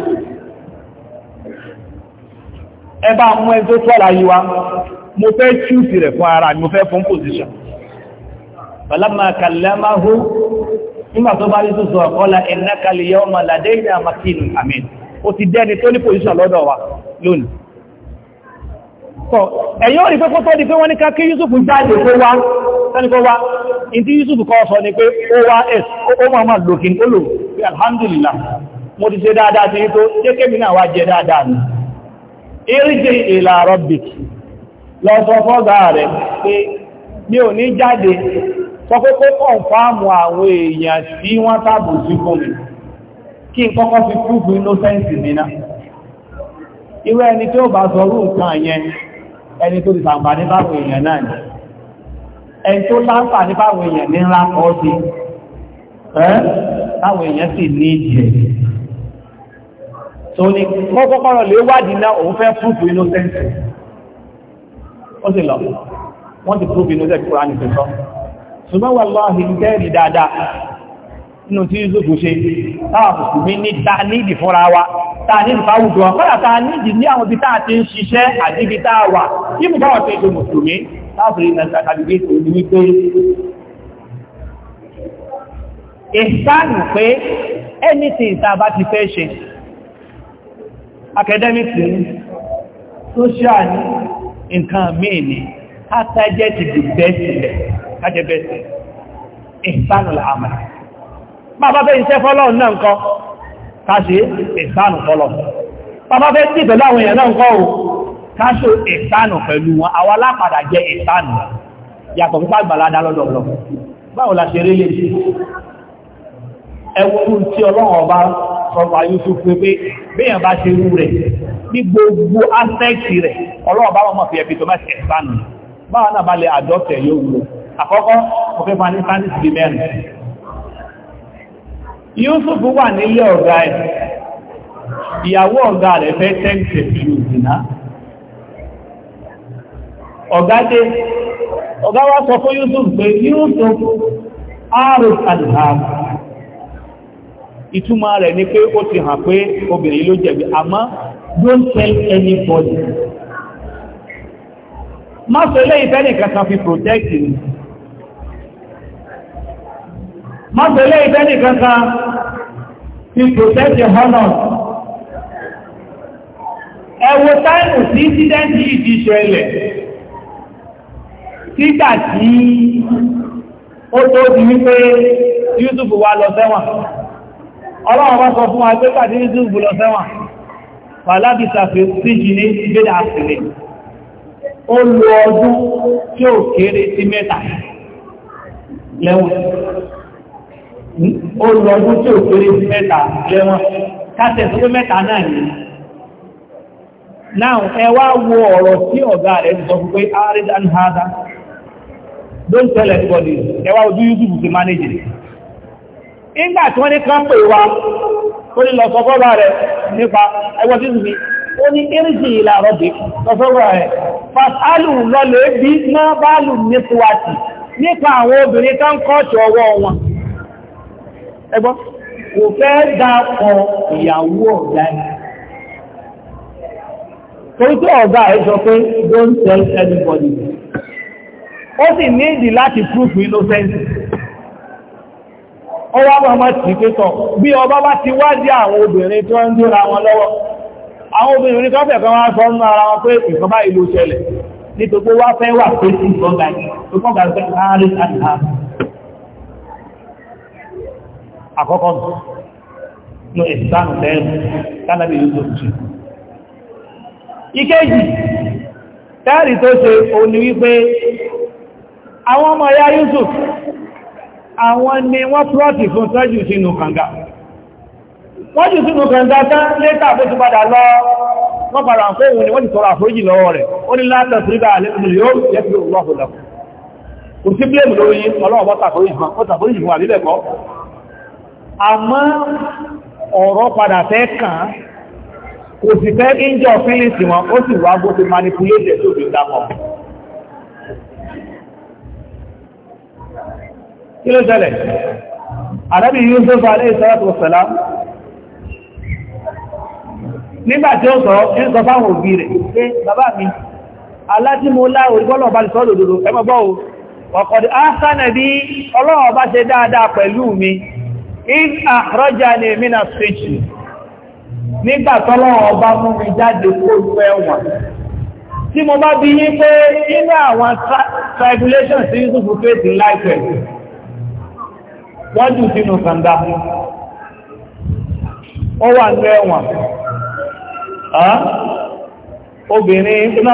ẹbá mú ẹjọ́ tó àlàyé wa mo fẹ́ ṣúùsì rẹ̀ fún ara mo fẹ́ fún pòsíṣàn falamma kallamahu nígbà tó bá rí sọ ọ̀kọ́lá innaka al-yawma ladayna makinun amin ó ti dẹ́ni tó ní pòsíṣàn lọ́dọ̀ wa lónìí tọ́ ẹ̀yìn ò rí pé kó tó wọ́n ní ká kí Yusuf jáde kó wá sẹ́nìkó wá in tí Yusuf kọ́ sọ ni pé ó wá s ó máa máa lòkín ó lò pé alhamdulillah mo ti ṣe dáadáa tó náà wá jẹ dáadáa ni mi irú ẹni tí ó bá sọ rú nǹkan yẹn ẹni tó ti sàǹfàní báwọn èèyàn náà ni ẹni tó sàǹfàní báwọn èèyàn ní ńlá kọ́ sí ẹ́ táwọn èèyàn sì ní ìjẹ̀ tó ní kọ́kọ́kọ́rọ̀ lè wádìí náà òun fẹ́ prúfù innocent ó sì lọ wọ́n ti prúfù innocent kúrò á ní ṣùgbọ́n wà lọ́hìn tẹ́rì dáadáa nínú tí Yusuf ṣe táwà mùsùlùmí ní ta nídì fúnra wa ta nídì fáwùjọ kọ́lá ta nídì ní àwọn ibi táà ti ń ṣiṣẹ́ àdíbi táà wà kí mú báwọn tẹ́jọ mùsùlùmí láàfin ìrìnà ìtàkàlùgbé tó ní wípé ìsáàlù anything tá bá ti fẹ́ ṣe academics ní social ní nǹkan míì ní kájẹ́ ti di bẹ́ẹ̀sì bàbá fẹ́ iṣẹ́ fọ́lọ́ náà ń kọ́ káṣe ìsánù fọ́lọ́ bàbá fẹ́ sí pẹ̀lú àwọn èèyàn náà ń kọ́ o káṣe ìsánù pẹ̀lú wọn àwọn alápàdà jẹ́ ìsánù yàtọ̀ pípa gbàládá lọ́dọ̀ọ̀lọ́ báwo la ṣe rí lè ṣe ẹwọ́n tí ọlọ́run ọba sọ̀rọ̀ Yusuf pé pé béèyàn bá ṣe rú rẹ̀ ní gbogbo aspẹ́kì rẹ̀ ọlọ́run ọba wọn fi ẹ̀fì tó mẹ́sì ìsánù Yusufu wà nílé ọ̀gá ẹ̀ ìyàwó ọ̀gá rẹ̀ fẹ́ tẹ́ǹtẹ̀ sí òdìná ọ̀gá dé ọ̀gá wá sọ fún Yusufu pé Yusuf arif alham ìtumọ̀ rẹ̀ ni pé ó ti hàn pé obìnrin ló jẹ̀bi àmọ́ don't tell anybody má sọ ilé ìfẹ́ nìkan kan fi protect you má pẹ̀lẹ́ ìbẹ́ni kankan ti protect your honor ẹwọ táìmù sí incident yìí ti ṣẹlẹ̀ títà tí ó tó Yusuf wà lọ sẹ́wọ̀n ọlọ́run bá sọ fún wa Yusuf lọ sẹ́wọ̀n pàlábì síjì ní ó ọdún tí ó kéré ó lọ ọdún tí ò kéré mẹ́ta káṣẹ̀ mẹ́ta náà ni náà ẹ wo ọ̀rọ̀ tí ọ̀gá rẹ̀ pé tell ojú youtube ti manage it. nígbà tí wọ́n ní kan pè ní lọ rẹ̀ nípa ẹgbọ́n tí ìsìnkú ó ní erìsì ìlà rọ́bì sọfọ́rọ̀ rẹ̀ fàtàlù bí náà bá lù nípa àwọn obìnrin ẹgbọ́ kò fẹ́ dápọ̀ ìyàwó ọ̀gá ẹ̀ torí pé ọ̀gá ẹ̀ sọ pé don't tell anybody ó sì níìdì láti proof innocence ó wá bá ọmọ tì pé tọ̀ bí ọba bá ti wádìí àwọn obìnrin tó ń dúra wọn lọ́wọ́ àwọn obìnrin kan fẹ̀ kan wá sọ nínú ara wọn pé nǹkan báyìí ló ṣẹlẹ̀ nítorí pé wá fẹ́ wà pé sí ìfọ̀gà ìfọ̀gà ìfẹ́ àárín àti àárín àkọ́kọ́ ní ìsánù lẹ́rù tánàbí yóò tó jù ìkéjì tẹ́rì tó ṣe òní wípé àwọn ọmọ ya Yusuf àwọn ni wọ́n plọ́tì fún tọ́jú sínú kànga wọ́n jù sínú kànga tán létà tó ti padà lọ wọ́n padà ń fóòwò ni wọ́n ti tọrọ àforíjì lọ́wọ́ rẹ̀ ó ní látà síríbà alẹ́kùnrin yóò yẹ́ fi òwúrọ̀ fòlọ́kù kò sí blame lórí ọlọ́wọ́ bọ́ta àforíjì fún àbílẹ̀kọ́ àmọ́ ọ̀rọ̀ padà fẹ́ kàn án kò sì fẹ́ injọ fílìsì wọn ó sì wá bó ti manipulate tó fi dámọ̀ kí ló ṣẹlẹ̀ àdábì Yusuf alayhi salatu wassalam nígbàtí ó sọ ń sọ fáwọn òbí rẹ̀ pé bàbá mi alátímọ́lá orígbọ́lọ̀ bá lè sọ́ lòdòdó ẹmọ́gbọ́ o ọ̀kọ̀dẹ̀ áṣánẹ̀ bí ọlọ́wọ́ bá ṣe dáadáa pẹ̀lú mi is àrọ́jà ní èmìnà síjì nígbà tọ́lọ́wọ́ ọba mú mi jáde kóòlù ẹ̀wọ̀n tí mo bá bí yí pé inú àwọn tribulations tí yíṣù fún faith wọ́n jù sínú kàndá ó wà ní obìnrin iná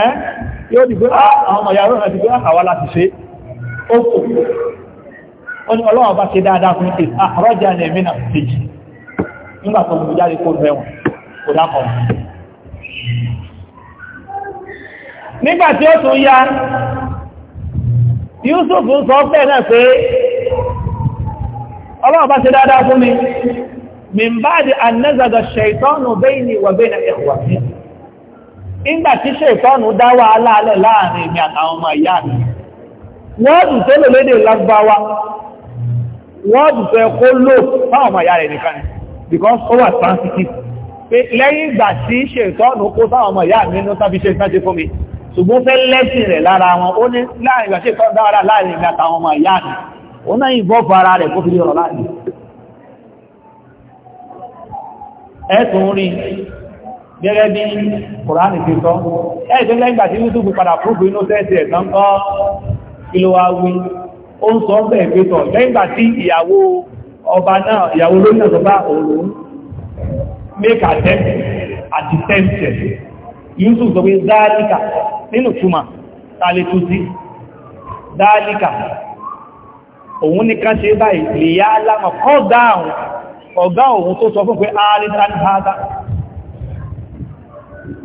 ẹ́ yóò ah, ọmọ oku onye ọlọ́wọ́ bá ṣe dáadáa fún ìpè àrọ́jà ah, ní ẹ̀mí náà kejì nígbà tó mú jáde kó mẹ́wọ̀n kò dákọ̀ nígbà Yusuf ń sọ pẹ́ náà pé ọlọ́wọ́ bá ṣe fún mi ìgbà tí ṣètọ́nù dá wàhálà alẹ́ láàrin èmi àtàwọn ọmọ ìyá mi wọ́ọ̀dù tó lò lédè lágbáwá wọ́ọ̀dù tó ẹkó lò fáwọn ọmọ ìyá rẹ̀ nìkan because ó wà sensitive pé lẹ́yìn ìgbà tí ṣètọ́nù kó fáwọn ọmọ ìyá mi ní tàbí ṣe sáńṣe fún mi ṣùgbọ́n fẹ́ lẹ́sìn rẹ̀ lára wọn ó ní láàrin ìgbà ṣètọ́nù dáwàrà láàrin èmi àtàwọn ọmọ ìyá mi ó náà yìnbọn fara rẹ̀ kó fi lè rọ̀ láàrin ẹ̀sùn rí gẹ́gẹ́ bí kòránì ti sọ ẹ̀ẹ́dẹ́ lẹ́gbà tí yúsùfù padà fúrúfú inú tẹ́ẹ̀tì ẹ̀kan kọ́ ìlọ́wàwí ó ń sọ bẹ́ẹ̀ pẹ́tọ̀ lẹ́gbà tí ìyàwó ọba náà ìyàwó lónìí ọ̀sọ́bá òun make attempt at the tempted yúsùfù sọ pé dáálíkà nínú túmà tàlẹ̀ tó sí dáálíkà òun ní kan ṣe báyìí lè yá lámà kọ́ dáhùn ọ̀gá òun tó sọ fún pé áálítà ní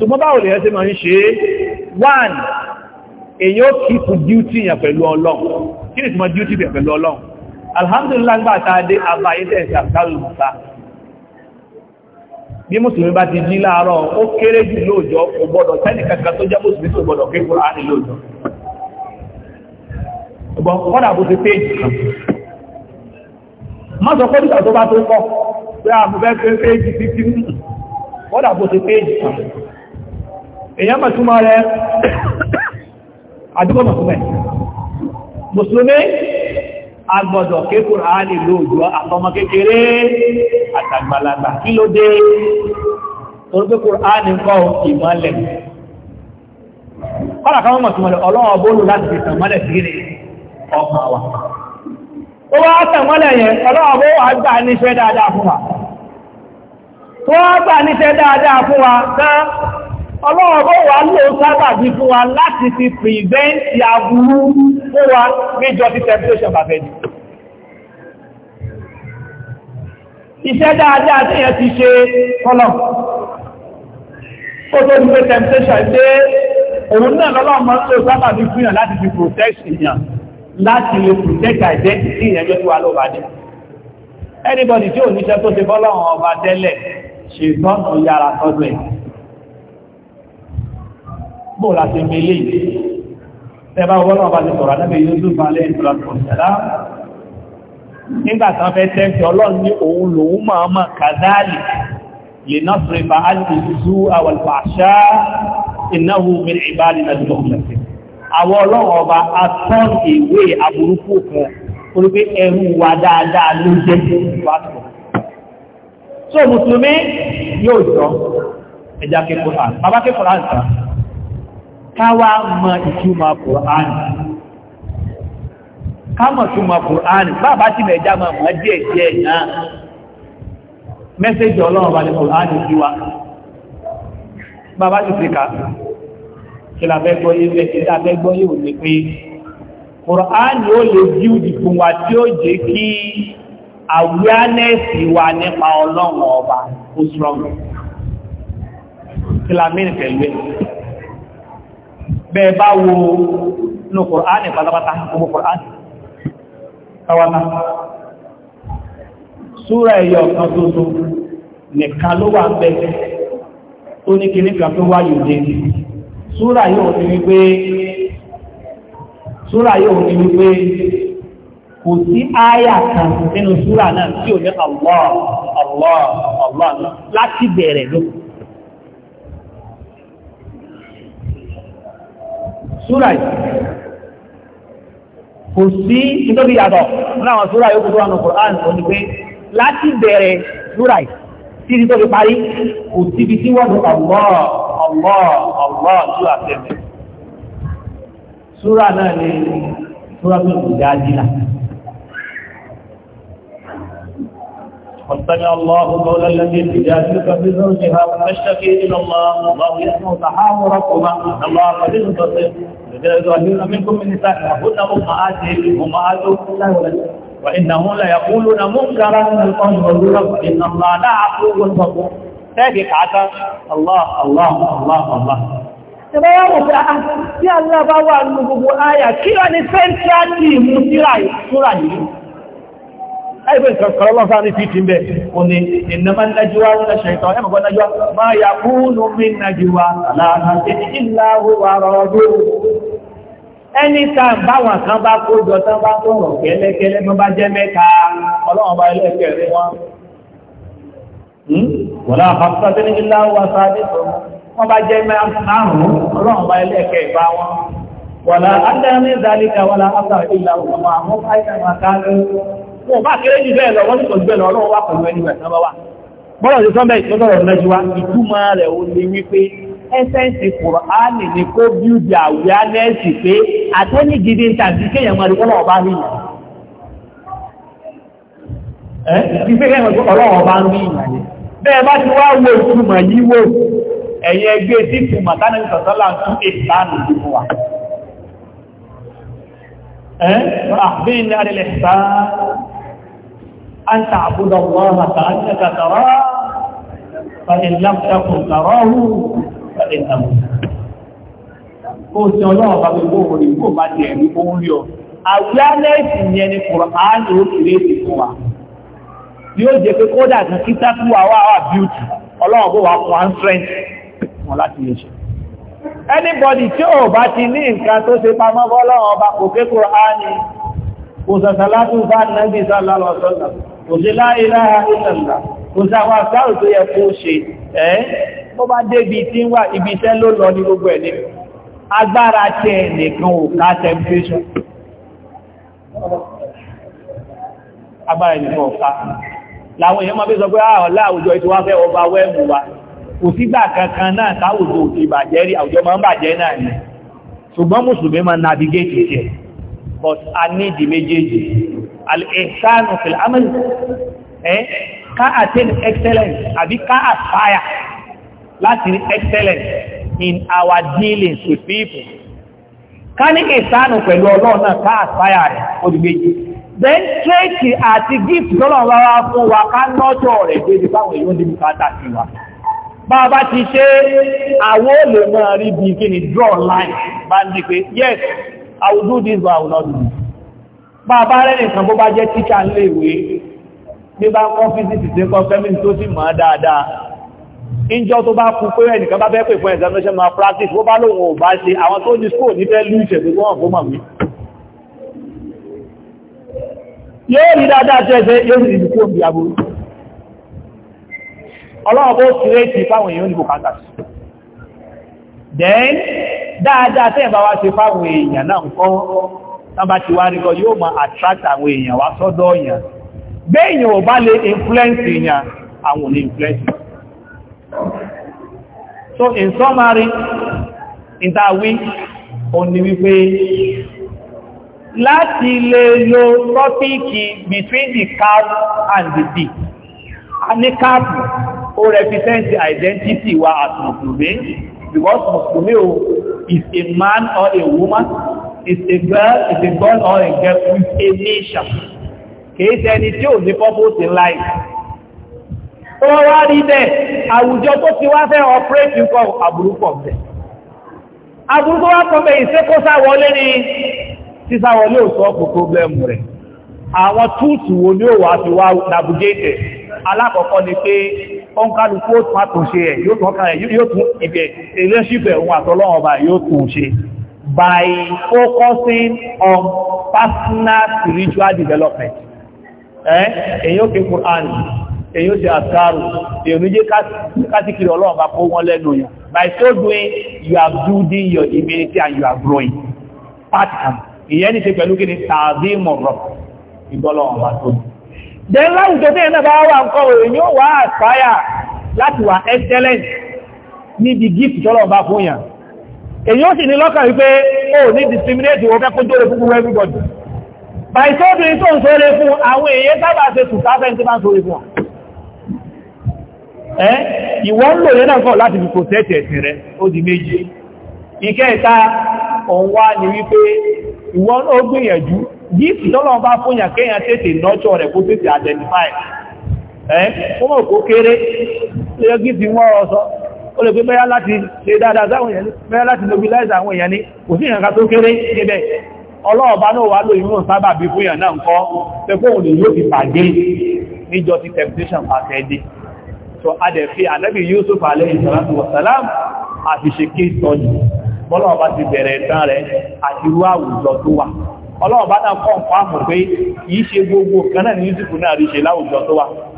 ṣùgbọ́n báwo lè ẹ́ máa ń ṣe one èyí ó keep duty yẹn pẹ̀lú ọlọ́run kí ni tí mo duty yẹn pẹ̀lú ọlọ́run alhamdulillah gbà tàádé àbáyé tẹ̀sí àbúkárù mùsà bí mùsùlùmí bá ti jí láàárọ̀ ó kéré jù lóòjọ́ kò gbọ́dọ̀ tẹ́nì kankan tó jẹ́ mùsùlùmí tó gbọ́dọ̀ kéèkó láàrin lóòjọ́ ọgbọ̀n kọ́dà bó ti péjì kan má sọ kọ́dà tó bá tó kọ́ pé àbúfẹ́ péjì títí kọ́dà bó ti péjì kan èyàn mọ̀túnmọ̀ rẹ̀ àdúgbò mọ̀túnmọ̀ mùsùlùmí agbọ́dọ̀ ké Kùránì lóòjọ́ àtọmọ kékeré àtàgbàlagbà kí ló dé torí pé Kùránì kọ́ ìmọ́lẹ̀ kọ́làkọ́ mọ̀túnmọ̀ ọlọ́wọ́ bóòlù láti fi tàmọ́lẹ̀ sí ọmọ wa ó wá tàmọ́lẹ̀ yẹn ọlọ́wọ́ bó wà gbà níṣẹ́ gbà níṣẹ́ dáadáa fún wa tán ọlọ́ọ̀bọ̀ wà ló sábàbí fún wa láti fi pìrìvẹ́ntì aburú fún wa méjọ tí temptation bàbẹ̀ jù iṣẹ́ dáadáa tí yẹn ti ṣe kọlọ̀ ó tó ní pé temptation dé òun náà lọ́lọ́mọ́ ló sábàbí fún yàn láti fi protect èèyàn láti lè protect identity yẹn jẹ́ tí wà ló bá dé anybody tí ò níṣẹ́ tó ṣe bọ́lọ́wọ́n ọba tẹ́lẹ̀ ṣe tọ́nà yára tọ́jú ẹ̀ bóò láti mẹ́lẹ̀ ẹbá wọ́n ọba ti sọ̀rọ̀ anábẹ̀ Yusuf alẹ́ ìtọ́lá nígbàtán fẹ́ tẹ́ǹtì ọlọ́run ní òun lòun máa máa kàzáàlì lè náà sọ̀rọ̀ alìsú àwàlùfàṣá ìnáwó mẹ́rin ìbáàlì náà dùn ọ̀pọ̀lọpọ̀ so mùsùlùmí yóò jọ ẹja kékòrán bàbá kékòrán sàn káwà mọ ìtumọ̀ Kùránì kámọ̀ túnmọ̀ Kùránì bàbá ti mẹ̀já mọ̀ mọ̀ díẹ̀ díẹ̀ náà mẹ́sẹ̀jì ọlọ́run Kùránì sí wa bàbá ti fi kà kí lábẹ́gbọ́ yé bẹ́ẹ̀ kí lábẹ́gbọ́ yé ò ní pé Kùránì ó lè jíù dìbò wa tí ó jẹ́ kí awareness wa nípa ọlọ́run ọba ó strong kí pẹ̀lú ẹ̀ bẹ́ẹ̀ bá wo ní Kùránì pátápátá gbogbo Kùránì káwátá súra ẹ̀yọ kan tuntun nìkan ló wà bẹ́ tó ní kí nígbà tó wáyò dé súra yóò ní wípé súra kò sí áyà kan nínú súra náà tí ò ní Allah Allah Allah láti bẹ̀rẹ̀ lókùn súrà yìí kò sí nítorí yàtọ̀ nínú àwọn súrà yòókù tó wà ní Kùránì kò ní pé láti bẹ̀rẹ̀ súrà yìí títí tó fi parí kò síbi tí wọ́n dùn ọ̀lọ́ ọ̀lọ́ ọ̀lọ́ tó àfẹ́fẹ́ súrà náà ni súrà tó kù dáadìlà. قد سمع الله قول التي تجادلك في زوجها وتشتكي الى الله الله يسمع تحاوركما الله قدير بصير يظهرن منكم من نساء هن امهاتهم امهاتكم لا يولدن وانهم ليقولون منكرا من القول والظلم ان الله لا عفو غفور ثابت عتا الله الله الله الله الله wà الله pé الله tí الله bá wà ní gbogbo ayà kí wà ní sẹ́ńtíátì الله síra yìí. ẹgbẹ́ nǹkan kan lọ́sá ní títí ń bẹ́ o ní ìnàmà nájúwá ní ṣẹ̀tọ̀ ẹmọ̀gbọ́ nájúwá ma yà kúrò mí nájúwá láàrín ìlàwó àrọ̀ọdún ẹni tàn báwọn kan bá kójọ tán bá tọ̀rọ̀ kẹ́lẹ́kẹ́lẹ́ bá jẹ́ mẹ́ta ọlọ́run bá ẹlẹ́kẹ̀ẹ́rẹ́ wọn wọ́n àfàfàfẹ́ ní ìlàwó àsáàdé tó wọ́n bá jẹ́ márùn-ún ọlọ́run bá ẹlẹ́kẹ̀ẹ́ bá wọn wọ́n àdá ní ìdálíkà wọ́n àfàfàfẹ́ ìlàwó àmọ́ àìsàn àkáàrẹ́ wọn bá kéré jù bẹ́ẹ̀ lọ wọ́n ní kò jù bẹ́ẹ̀ lọ ọlọ́wọ́ wà pẹ̀lú ẹni bẹ̀ẹ̀ sábà wà bọ́lọ̀ sí sọ́mbẹ̀ ìtọ́sọ̀rọ̀ lẹ́jú wa ìtumọ̀ rẹ̀ ó ní wípé ẹsẹ̀ǹsì kùránì ni kó bíúdì àwíánẹ́sì pé àtẹ́ni gidi ń tàbí kéèyàn máa rí kọ́lọ̀ ọba rí ìyàn ẹ́ ti fẹ́ kẹ́yàn kọ́lọ̀ ọba rí ìyàn ni bẹ́ẹ̀ bá ti wá wo ìtumọ̀ yìí wò ẹ̀yìn ẹgbẹ́ tí ìtumọ̀ tánàbí sọ̀tọ́lá ń tún ìsánù sí fún wa ẹ́ أن تعبد الله كأنك تراه فإن لم تكن تراه فإنه Oṣù ọlọ́ọ̀bá gbogbo orí kò bá ti ẹ̀rí ohun rí ọ. Àwíánẹ́ẹ̀sì yẹn ni Kùránì ó kìí èsì fún wa. Yóò jẹ́ pé kódà kan kí tákù àwọ́ àwà bíútì, ọlọ́ọ̀bó wa fún áńtrẹ́ǹtì wọn láti Anybody tí ó bá ti ní nǹkan tó ṣe pamọ́ bọ́lọ́ọ̀bá kò kékòrò á ní kò sí láìláà ìlànà kò sáwọn àkáwù tó yẹ kó ṣe ẹ́ bó bá débi tí ń wà ibi iṣẹ́ ló lọ ní gbogbo ẹ̀ní agbára tẹ nìkan ò ká temptation agbára nìkan ò ká láwọn èèyàn máa bí sọ pé àọ̀lá ah, àwùjọ ìtí wá ọba wẹ́mù wa kò sígbà kankan náà káwùjọ òkè ìbàjẹ́ rí àwùjọ máa ń bàjẹ́ náà ni ṣùgbọ́n mùsùlùmí máa navigate it but i need the méjèèjì al of fil amal eh ká attain excellence àbí ká aspire láti rí excellence in our dealings with people ká ní ìsánù pẹ̀lú ọlọ́run náà ká aspire rẹ̀ olùgbèjì then trait àti gift tọ́lọ̀ rárá fún wa ká nọ́jọ́ rẹ̀ débi báwọn èèyàn débi káàtà sí wa bá ti ṣe àwọn olè máa rí bí kí ni draw line bá ń di pé yes i will do this but i will not do this bá a bá rẹ̀ nìkan bó bá jẹ́ tíṣà lè wé bí bá ń kọ́ fíìsìsì tí kọ́ fẹ́mìn tó sì mọ̀ dáadáa ìjọ tó bá kú pé ẹnìkan bá fẹ́ pè fún examination ma practice wó bá lóun ò bá ṣe àwọn tó ní school ní fẹ́ lú ìṣẹ̀gbẹ̀ wọ́n kó mọ̀ wí yóò rí dáadáa tí then dáadáa tẹ́ẹ̀ bá wá ṣe fáwọn tán bá ti wá rí yóò máa attract àwọn èèyàn wá sọ́dọ̀ èèyàn ò bá lè influence èèyàn àwọn ò influence so in summary way, o ni wípé láti lè lo topic between the calf and the deep a ní calf ó represent the identity wa as Mùsùlùmí because Muslim o is a man or a woman is a girl is a boy, or a girl with a nation kìí ṣe ẹni tí ò ní purpose in life tó wá rí bẹ́ẹ̀ àwùjọ tó ti wá fẹ́ operate nǹkan aburú pọ̀ bẹ́ẹ̀ aburú tó wá pọ̀ bẹ́ẹ̀ ìṣe kó sáwọlé ni sísáwọlé ò sọ fún problem rẹ̀ àwọn túùtù wo ni ó wà fi wá navigate alákọ̀ọ́kọ́ ni pé ó ń kálukú ó tún àtúnṣe ẹ̀ yóò tún ìbẹ̀ relationship ẹ̀ òun àtọ́lọ́wọ̀n ọba yóò tún ṣe by focusing on personal spiritual development. Eh? Èyí ó ké Kùrán, èyí ó ṣe àṣàrò, èyí ó jẹ́ kásìkiri ọlọ́run bá kó wọ́n lẹ́nu yàn. By so doing, you are building your immunity and you are growing. Part am. Ìyẹn ní ṣe pẹ̀lú kí ni tàbí mọ̀rọ̀ ìgbọ́lọ́run bá tó. Then láwùjọ tí ẹ̀nà bá wà nǹkan èyí ó wà aspire láti wà excellent níbi gift tọ́lọ́run bá fún yàn. èyí ó sì ní lọ́kàn wípé ó ní discriminate wọ́n fẹ́ kó jóre fún fún everybody by so doing tó ń sóre fún àwọn èèyàn sábà ṣe tùtà fẹ́ tí bá ń sóre fún wọn ẹ́ ìwọ́n lò lẹ́nà kọ́ láti fi kò tẹ́ẹ̀tẹ̀ ẹ̀sìn ó di wípé ó gbìyànjú ó lè pé bẹ́yà láti ṣe dáadáa sáwọn èèyàn ní bẹ́yà láti mobilize àwọn èèyàn ní kò sí ìrìnká tó kéré níbẹ̀ ọlọ́ọ̀bá náà wà ló ìmú sábà bí fún ìyànà ǹkọ́ pẹ́kóhùn lè yóò fi pàdé níjọ ti temptation pàtẹ́ so a dẹ̀ fi ànábì Yusuf alayhi salatu wa salam àti ti bẹ̀rẹ̀ ìtàn rẹ̀ àti irú àwùjọ tó wà ọlọ́ọ̀bá náà kọ́ nǹkan àmọ̀ pé kìí ṣe gbogbo kan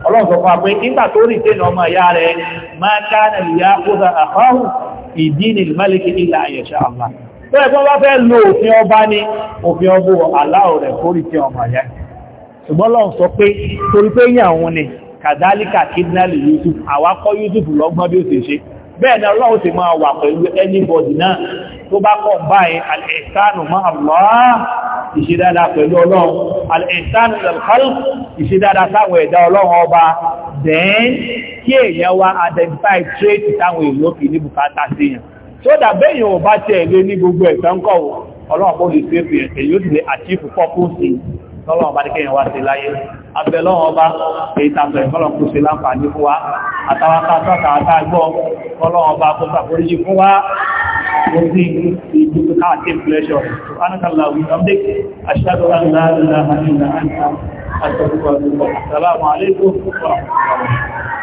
ọlọ́run sọ fún wa pé nígbà tó rí tẹ́nà ọmọ ìyá rẹ̀ máa káàna ìyá kóta àkọ́hùn ìdí ni mẹ́lìkì ilẹ̀ àyẹ̀ṣà àmà tó ẹ̀kọ́ bá fẹ́ lo òfin ọba ní òfin ọbọ̀ aláwọ̀ rẹ̀ kó rí tẹ́ ọmọ ìyá ṣùgbọ́n ọlọ́run sọ pé torí bẹ́ẹ̀ ni ọlọ́run ti máa wà pẹ̀lú anybody náà tó bá kọ̀ báyìí al-ihsanu ma'a Allah ìṣẹ́dáadáa pẹ̀lú ọlọ́run al-ihsanu lil khalq ìṣẹ́dáadáa sáwọn ẹ̀dá ọlọ́run ọba then kí èèyàn wá identify trait táwọn èèyàn fi ní bùkátà sí yàn tó dàbẹ́yìn ò bá tẹ̀lé ní tọ́lọ̀ ọba díkẹ́ wá sí láyé abẹ́lọ́wọ́ ọba ìtàtọ̀ ìfọ́lọ̀kú sí láǹfààní fún wa àtàwátà sọ́tàwátà gbọ́ tọ́lọ̀ ọba kó sàforíjì fún wa lórí ìdúkú káàkiri flẹ́ṣọ̀ sùpánàkàlà wùdọ́mdé aṣíkàtọ̀lá ńlá ńlá ńlá ńlá